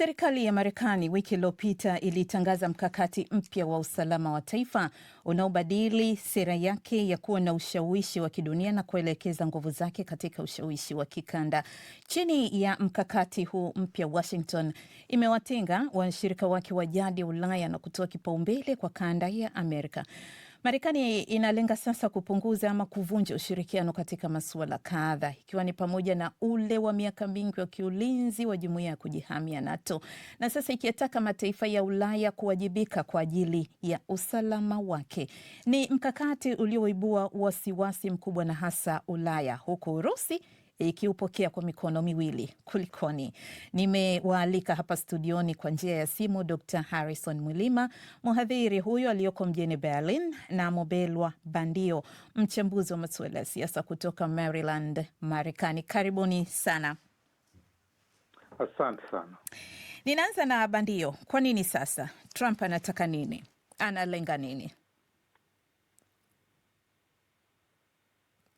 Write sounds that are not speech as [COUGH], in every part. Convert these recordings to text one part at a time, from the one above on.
Serikali ya Marekani wiki iliyopita ilitangaza mkakati mpya wa usalama wa taifa unaobadili sera yake ya kuwa na ushawishi wa kidunia na kuelekeza nguvu zake katika ushawishi wa kikanda. Chini ya mkakati huu mpya, Washington imewatenga washirika wake wa jadi Ulaya na kutoa kipaumbele kwa kanda ya Amerika. Marekani inalenga sasa kupunguza ama kuvunja ushirikiano katika masuala kadha, ikiwa ni pamoja na ule wa miaka mingi wa kiulinzi wa jumuiya ya kujihamia NATO, na sasa ikiyataka mataifa ya Ulaya kuwajibika kwa ajili ya usalama wake. Ni mkakati ulioibua wasiwasi mkubwa na hasa Ulaya, huku Urusi ikiupokea kwa mikono miwili. Kulikoni, nimewaalika hapa studioni kwa njia ya simu Dr. Harrison Mwilima, mhadhiri huyo aliyoko mjini Berlin, na Mobelwa Bandio, mchambuzi wa masuala ya siasa kutoka Maryland, Marekani. Karibuni sana. Asante sana. Ninaanza na Bandio, kwa nini sasa Trump anataka nini? Analenga nini?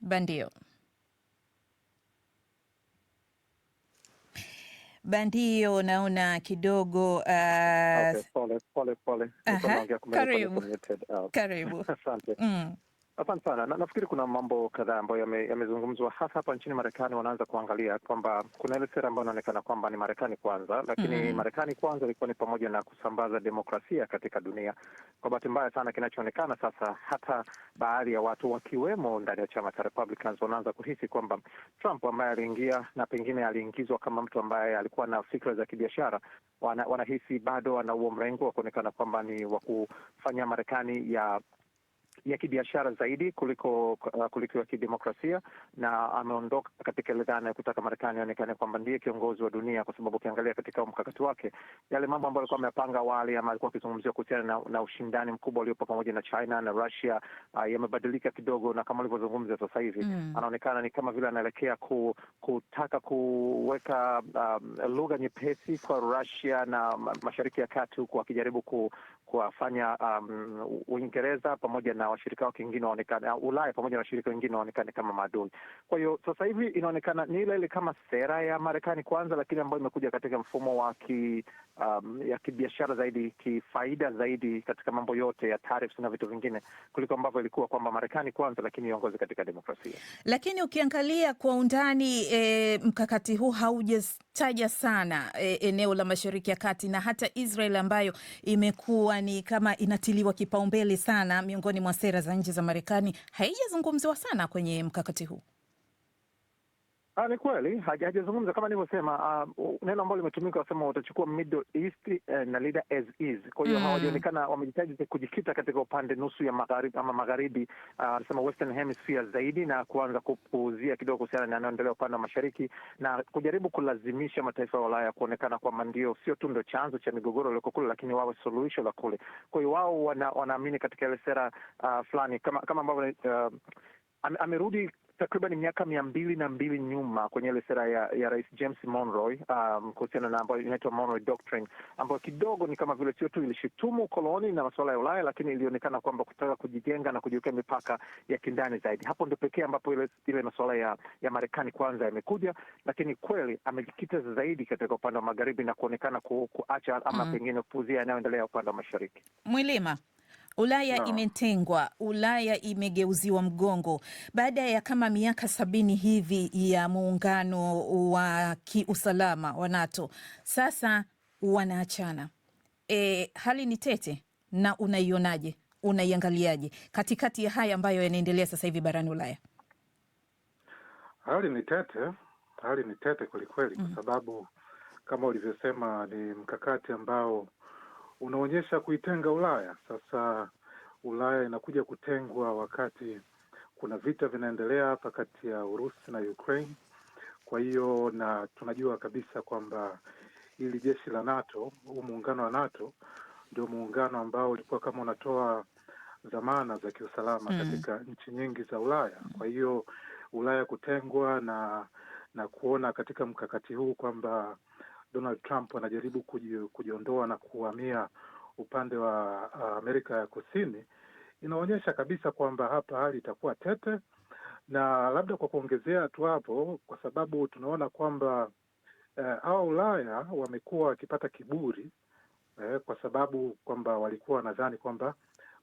Bandio. bandio naona kidogo. Ah, ah, karibu, karibu. [LAUGHS] Asante. Mm. Asante sana na, nafikiri kuna mambo kadhaa ambayo yamezungumzwa hasa hapa nchini Marekani. Wanaanza kuangalia kwamba kuna ile sera ambayo inaonekana kwamba ni Marekani kwanza, lakini mm -hmm. Marekani kwanza ilikuwa ni pamoja na kusambaza demokrasia katika dunia. Kwa bahati mbaya sana, kinachoonekana sasa, hata baadhi ya watu wakiwemo ndani ya chama cha Republicans wanaanza kuhisi kwamba Trump ambaye aliingia na pengine aliingizwa kama mtu ambaye alikuwa na fikra za kibiashara, wanahisi wana bado ana huo mrengo wa kuonekana kwamba ni wa kufanya Marekani ya ya kibiashara zaidi kuliko uh, kuliko ya kidemokrasia, na ameondoka katika ile dhana ya kutaka Marekani aonekane kwamba ndiye kiongozi wa dunia, kwa sababu ukiangalia katika mkakati wake yale mambo ambayo alikuwa amepanga awali ama alikuwa akizungumzia kuhusiana na, na ushindani mkubwa uliopo pamoja na China na Russia uh, yamebadilika kidogo, na kama alivyozungumza sasa hivi mm. anaonekana ni kama vile anaelekea ku, kutaka kuweka um, lugha nyepesi kwa Russia na Mashariki ya Kati, huku akijaribu ku kuwafanya um, Uingereza pamoja na washirika wake wengine waonekane, uh, Ulaya pamoja na washirika wengine waonekane kama maadui. Kwa hiyo sasa hivi inaonekana ni ile ile kama sera ya Marekani kwanza, lakini ambayo imekuja katika mfumo wa ki, um, ya kibiashara zaidi, kifaida zaidi katika mambo yote ya tariffs na vitu vingine kuliko ambavyo ilikuwa kwamba Marekani kwanza, lakini iongoze katika demokrasia. Lakini ukiangalia kwa undani e, mkakati huu haujataja sana e, eneo la Mashariki ya Kati na hata Israel ambayo imekuwa ni kama inatiliwa kipaumbele sana miongoni mwa sera za nje za Marekani, haijazungumziwa sana kwenye mkakati huu. Ha, ah, ni kweli hajazungumza kama nilivyosema. Uh, neno ambalo limetumika wasema watachukua Middle East uh, na leader as is. Kwa hiyo mm, hawajaonekana wamejitaji kujikita katika upande nusu ya magharibi ama magharibi ah, anasema uh, Western Hemisphere zaidi na kuanza kupuuzia kidogo kuhusiana na yanayoendelea upande wa mashariki na kujaribu kulazimisha mataifa ya Ulaya kuonekana kwamba ndio sio tu ndo chanzo cha migogoro iliyoko kule, lakini wawe suluhisho la kule. Kwa hiyo wao wanaamini wana katika ile sera uh, fulani kama kama ambavyo uh, amerudi takriban miaka mia mbili na mbili nyuma kwenye ile sera ya, ya Rais James Monroy um, kuhusiana na ambayo inaitwa Monroy Doctrine ambayo kidogo ni kama vile sio tu ilishutumu ukoloni na masuala ya Ulaya, lakini ilionekana kwamba kutaka kujijenga na kujiwekea mipaka ya kindani zaidi. Hapo ndio pekee ambapo ile, ile masuala ya, ya Marekani kwanza yamekuja, lakini kweli amejikita zaidi katika upande wa magharibi na kuonekana kuacha ama mm, pengine kupuzia yanayoendelea upande wa mashariki. Mwilima Ulaya no. imetengwa, Ulaya imegeuziwa mgongo baada ya kama miaka sabini hivi ya muungano wa kiusalama wa NATO. Sasa wanaachana. E, hali ni tete, na unaionaje? Unaiangaliaje katikati ya haya ambayo yanaendelea sasa hivi barani Ulaya? Hali ni tete, hali ni tete kwelikweli, kwa mm -hmm. sababu kama ulivyosema ni mkakati ambao unaonyesha kuitenga Ulaya. Sasa Ulaya inakuja kutengwa wakati kuna vita vinaendelea hapa kati ya Urusi na Ukraine. Kwa hiyo na tunajua kabisa kwamba hili jeshi la NATO, huu muungano wa NATO ndio muungano ambao ulikuwa kama unatoa dhamana za kiusalama mm, katika nchi nyingi za Ulaya. Kwa hiyo Ulaya kutengwa na na kuona katika mkakati huu kwamba Donald Trump anajaribu kujiondoa na kuhamia upande wa uh, Amerika ya Kusini, inaonyesha kabisa kwamba hapa hali itakuwa tete. Na labda kwa kuongezea tu hapo, kwa sababu tunaona kwamba eh, awa Ulaya wamekuwa wakipata kiburi eh, kwa sababu kwamba walikuwa wanadhani kwamba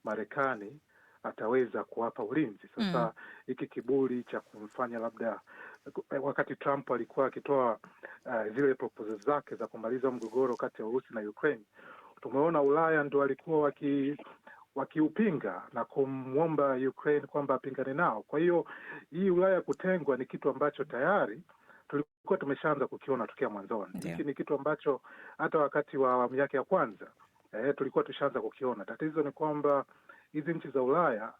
Marekani ataweza kuwapa ulinzi. Sasa hmm. hiki mm, kiburi cha kumfanya labda Eh, wakati Trump alikuwa akitoa uh, zile proposal zake za kumaliza mgogoro kati ya Urusi na Ukraine, tumeona Ulaya ndo walikuwa waki wakiupinga na kumwomba Ukraine kwamba apingane nao. Kwa hiyo hii Ulaya kutengwa ni kitu ambacho tayari tulikuwa tumeshaanza kukiona tokea mwanzoni. Hiki yeah, ni kitu ambacho hata wakati wa awamu yake ya kwanza eh, tulikuwa tushaanza kukiona. Tatizo ni kwamba hizi nchi za Ulaya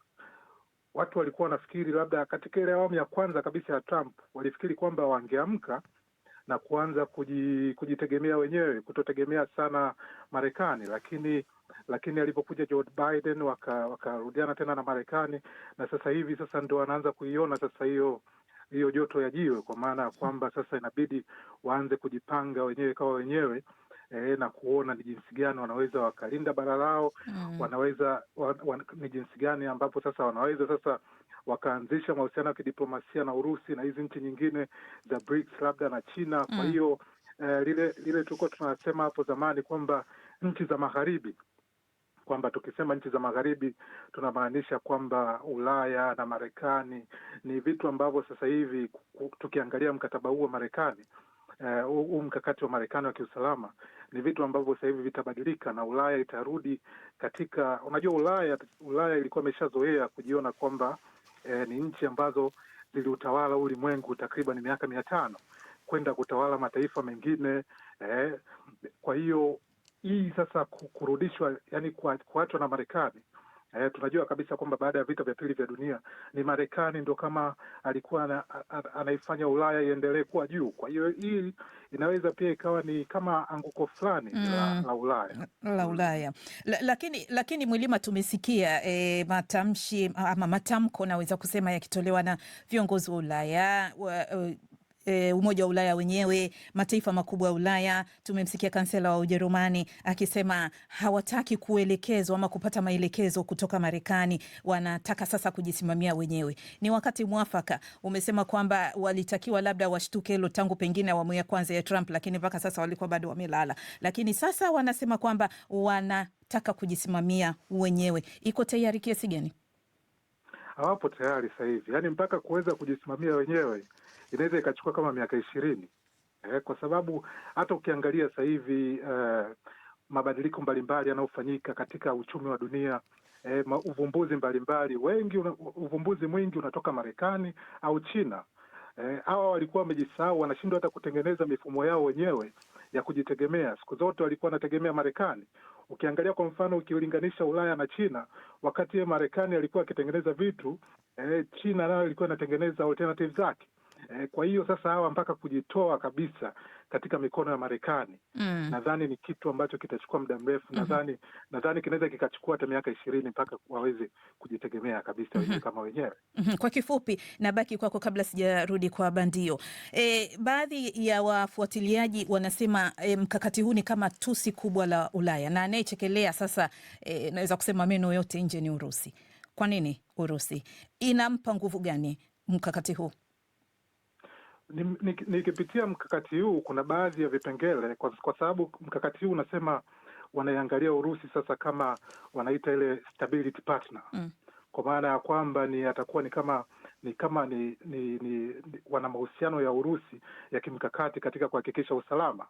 watu walikuwa wanafikiri labda katika ile awamu ya kwanza kabisa ya Trump walifikiri kwamba wangeamka na kuanza kujitegemea wenyewe, kutotegemea sana Marekani, lakini lakini alipokuja Joe Biden wakarudiana waka tena na Marekani, na sasa hivi sasa ndo wanaanza kuiona sasa hiyo hiyo joto ya jiwe, kwa maana ya kwamba sasa inabidi waanze kujipanga wenyewe kawa wenyewe eh, na kuona ni jinsi gani wanaweza wakalinda bara lao mm. wanaweza wan, wan, ni jinsi gani ambapo sasa wanaweza sasa wakaanzisha mahusiano ya kidiplomasia na Urusi na hizi nchi nyingine za BRICS labda na China mm. kwa hiyo eh, lile lile tulikuwa tunasema hapo zamani kwamba nchi za magharibi kwamba tukisema nchi za magharibi tunamaanisha kwamba Ulaya na Marekani ni vitu ambavyo sasa hivi tukiangalia mkataba huu wa Marekani huu eh, uh, mkakati wa Marekani wa kiusalama ni vitu ambavyo sasa hivi vitabadilika na Ulaya itarudi katika, unajua Ulaya Ulaya ilikuwa imeshazoea kujiona kwamba eh, ni nchi ambazo ziliutawala ulimwengu takriban miaka mia tano kwenda kutawala mataifa mengine eh, kwa hiyo hii sasa kurudishwa, yani kuachwa na Marekani Eh, tunajua kabisa kwamba baada ya vita vya pili vya dunia ni Marekani ndo kama alikuwa na, anaifanya Ulaya iendelee kuwa juu. Kwa hiyo hii inaweza pia ikawa ni kama anguko fulani mm, la, la Ulaya la mm. Ulaya la, lakini, lakini Mwilima, tumesikia e, matamshi ama matamko naweza kusema yakitolewa na viongozi wa Ulaya wa, eh, e, Umoja wa Ulaya wenyewe, mataifa makubwa ya Ulaya. Tumemsikia kansela wa Ujerumani akisema hawataki kuelekezwa ama kupata maelekezo kutoka Marekani, wanataka sasa kujisimamia wenyewe. Ni wakati mwafaka. Umesema kwamba walitakiwa labda washtuke hilo tangu pengine awamu ya kwanza ya Trump, lakini mpaka sasa walikuwa bado wamelala, lakini sasa wanasema kwamba wanataka kujisimamia wenyewe. Iko tayari kiasi gani? Hawapo tayari sasa hivi, yaani mpaka kuweza kujisimamia wenyewe inaweza ikachukua kama miaka ishirini eh, kwa sababu hata ukiangalia sasa hivi eh, mabadiliko mbalimbali yanayofanyika katika uchumi wa dunia eh, uvumbuzi mbalimbali wengi una, uvumbuzi mwingi unatoka Marekani au China eh, hawa eh, walikuwa wamejisahau, wanashindwa hata kutengeneza mifumo yao wenyewe ya kujitegemea. Siku zote walikuwa wanategemea Marekani. Ukiangalia kwa mfano, ukilinganisha Ulaya na China, wakati Marekani alikuwa akitengeneza vitu eh, China nayo ilikuwa inatengeneza alternative zake. E, kwa hiyo sasa hawa mpaka kujitoa kabisa katika mikono ya Marekani mm. nadhani ni kitu ambacho kitachukua muda mrefu mm -hmm. nadhani nadhani kinaweza kikachukua hata miaka ishirini mpaka waweze kujitegemea kabisa mm -hmm. kama wenyewe mm -hmm. Kwa kifupi, nabaki kwako kabla sijarudi kwa Bandio. E, baadhi ya wafuatiliaji wanasema e, mkakati huu ni kama tusi kubwa la Ulaya na anayechekelea sasa e, naweza kusema meno yote nje ni Urusi. Kwa nini Urusi? Inampa nguvu gani mkakati huu? Nikipitia ni, ni mkakati huu kuna baadhi ya vipengele kwa, kwa sababu mkakati huu unasema wanaiangalia Urusi sasa kama wanaita ile stability partner mm. Kwa maana ya kwamba ni atakuwa ni kama ni kama ni, ni, ni wana mahusiano ya Urusi ya kimkakati katika kuhakikisha usalama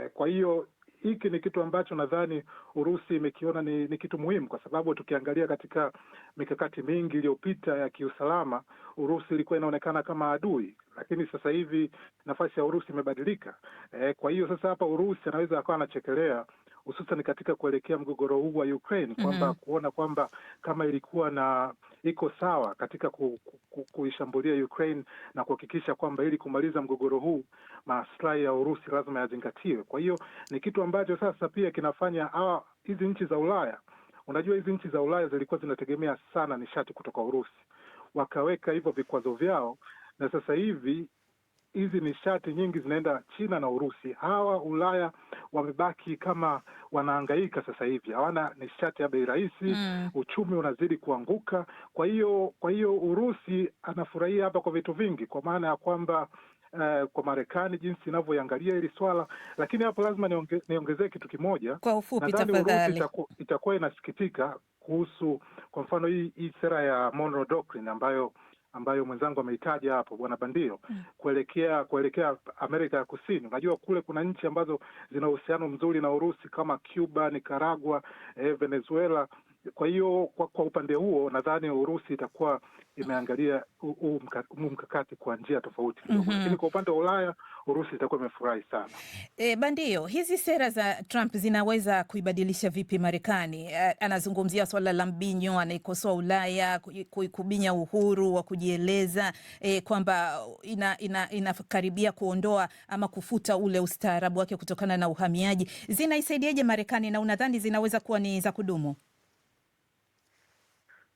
eh. Kwa hiyo hiki ni kitu ambacho nadhani Urusi imekiona ni, ni kitu muhimu, kwa sababu tukiangalia katika mikakati mingi iliyopita ya kiusalama, Urusi ilikuwa inaonekana kama adui lakini sasa hivi nafasi ya Urusi imebadilika. E, kwa hiyo sasa hapa Urusi anaweza akawa anachekelea hususan katika kuelekea mgogoro huu wa Ukraine mhm. kwamba mm -hmm. kuona kwamba kama ilikuwa na iko sawa katika ku, ku, ku, kuishambulia Ukraine na kuhakikisha kwamba ili kumaliza mgogoro huu maslahi ya Urusi lazima yazingatiwe. Kwa hiyo ni kitu ambacho sasa pia kinafanya hizi nchi za Ulaya, unajua hizi nchi za Ulaya zilikuwa zinategemea sana nishati kutoka Urusi, wakaweka hivyo vikwazo vyao, na sasa hivi hizi nishati nyingi zinaenda China na Urusi. Hawa Ulaya wamebaki kama wanaangaika sasa hivi, hawana nishati ya bei rahisi mm. Uchumi unazidi kuanguka. Kwa hiyo kwa hiyo Urusi anafurahia hapa kwa vitu vingi, kwa maana ya kwamba Uh, kwa Marekani jinsi inavyoiangalia hili swala, lakini hapo lazima niongezee kitu kimoja. Kwa ufupi tafadhali, itakuwa inasikitika kuhusu kwa mfano hii, hii sera ya Doctrine ambayo ambayo mwenzangu ameitaja hapo bwana Bandio mm. kuelekea kuelekea Amerika ya Kusini. Unajua kule kuna nchi ambazo zina uhusiano mzuri na Urusi kama Cuba, Nicaragua, eh, Venezuela kwa hiyo kwa, kwa upande huo nadhani Urusi itakuwa imeangalia huu mkakati kwa njia tofauti kidogo mm -hmm. Lakini kwa upande wa Ulaya Urusi itakuwa imefurahi sana. E, Bandio, hizi sera za Trump zinaweza kuibadilisha vipi Marekani? Eh, anazungumzia swala la mbinyo, anaikosoa Ulaya kuikubinya uhuru wa kujieleza e, kwamba ina, ina, inakaribia kuondoa ama kufuta ule ustaarabu wake kutokana na uhamiaji. Zinaisaidiaje Marekani na unadhani zinaweza kuwa ni za kudumu?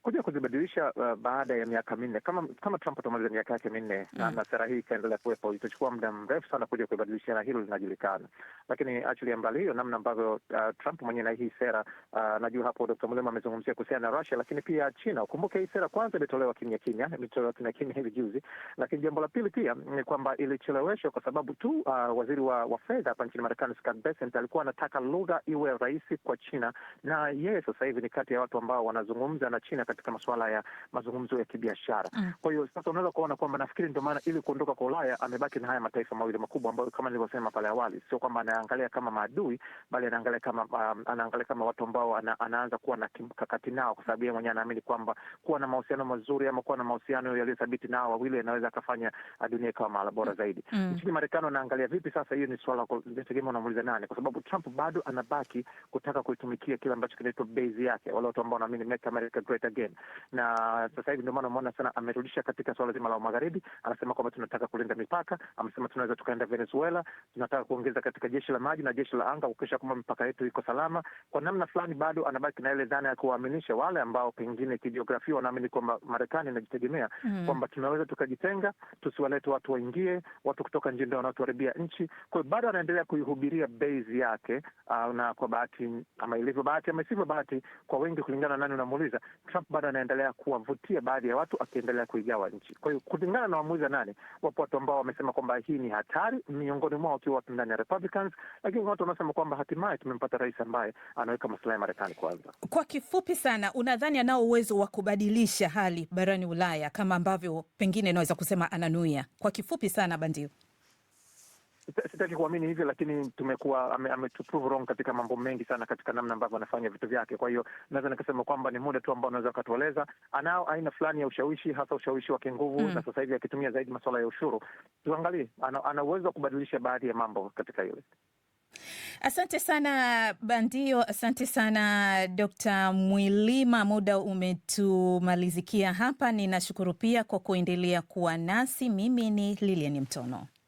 kuja kuzibadilisha uh, baada ya miaka minne kama kama Trump atamaliza miaka yake minne mm, na sera hii ikaendelea kuwepo, itachukua muda mrefu sana kuja kuibadilisha, na hilo linajulikana. Lakini actually mbali hiyo namna ambavyo uh, Trump mwenyewe na hii sera uh, najua hapo Dr. Mulema amezungumzia kuhusiana na Russia, lakini pia China. Ukumbuke hii sera kwanza ilitolewa kimya kimya, ilitolewa kimya kimya hivi juzi, lakini jambo la pili pia ni kwamba ilicheleweshwa kwa sababu tu uh, waziri wa, wa fedha hapa nchini Marekani Scott Bessent alikuwa anataka lugha iwe rahisi kwa China, na yeye sasa hivi ni kati ya watu ambao wanazungumza na China katika masuala ya mazungumzo ya kibiashara. Mm. Kwa hiyo sasa unaweza kuona kwamba nafikiri ndio maana ili kuondoka kwa Ulaya amebaki na haya mataifa mawili makubwa ambayo kama nilivyosema pale awali, sio kwamba anaangalia kama maadui, bali anaangalia kama um, anaangalia kama watu ambao ana, anaanza kuwa na kimkakati nao, kwa sababu yeye mwenyewe anaamini kwamba kuwa na mahusiano mazuri ama kuwa na mahusiano yaliyothabiti nao wawili anaweza akafanya dunia ikawa mahala bora zaidi. Mm. mm. Nchini Marekani anaangalia vipi sasa? Hiyo ni suala tegemea unamuuliza nani, kwa sababu Trump bado anabaki kutaka kuitumikia kile ambacho kinaitwa base yake, wale watu ambao wanaamini make America great again Schengen, na sasa hivi ndio maana umeona sana amerudisha katika suala zima la magharibi. Anasema kwamba tunataka kulinda mipaka, amesema tunaweza tukaenda Venezuela, tunataka kuongeza katika jeshi la maji na jeshi la anga kuhakikisha kwamba mipaka yetu iko salama. Kwa namna fulani, bado anabaki na ile dhana ya kuwaaminisha wale ambao pengine kijiografia wanaamini kwamba Marekani inajitegemea mm, kwamba tunaweza tukajitenga, tusiwalete watu waingie, watu kutoka nje ndio wanaotuharibia nchi. Kwa hiyo bado anaendelea kuihubiria base yake, uh, na kwa bahati ama ilivyo bahati ama isivyo bahati kwa wengi, kulingana na nani unamuuliza, Trump bado anaendelea kuwavutia baadhi ya watu akiendelea kuigawa nchi. Kwa hiyo kulingana na uamuzi wa nane, wapo watu ambao wamesema kwamba hii ni hatari, miongoni mwao wakiwa watu ndani ya Republicans, lakini watu wanaosema kwamba hatimaye tumempata rais ambaye anaweka masilahi ya Marekani kwanza. Kwa kifupi sana, unadhani anao uwezo wa kubadilisha hali barani Ulaya kama ambavyo pengine inaweza kusema ananuia? Kwa kifupi sana, Bandio sitaki kuamini hivyo, lakini tumekuwa ametuprove wrong katika mambo mengi sana, katika namna ambavyo anafanya vitu vyake. Kwa hiyo naweza nikasema kwamba ni muda tu ambao unaweza ukatueleza, anao aina fulani ya ushawishi, hasa ushawishi wa kinguvu mm. na sasa hivi akitumia zaidi masuala ya ushuru. Tuangalie, ana uwezo wa kubadilisha baadhi ya mambo katika ile Asante sana Bandio, asante sana Dr. Mwilima, muda umetumalizikia hapa. Ninashukuru pia kwa kuendelea kuwa nasi. Mimi ni Lilian Mtono.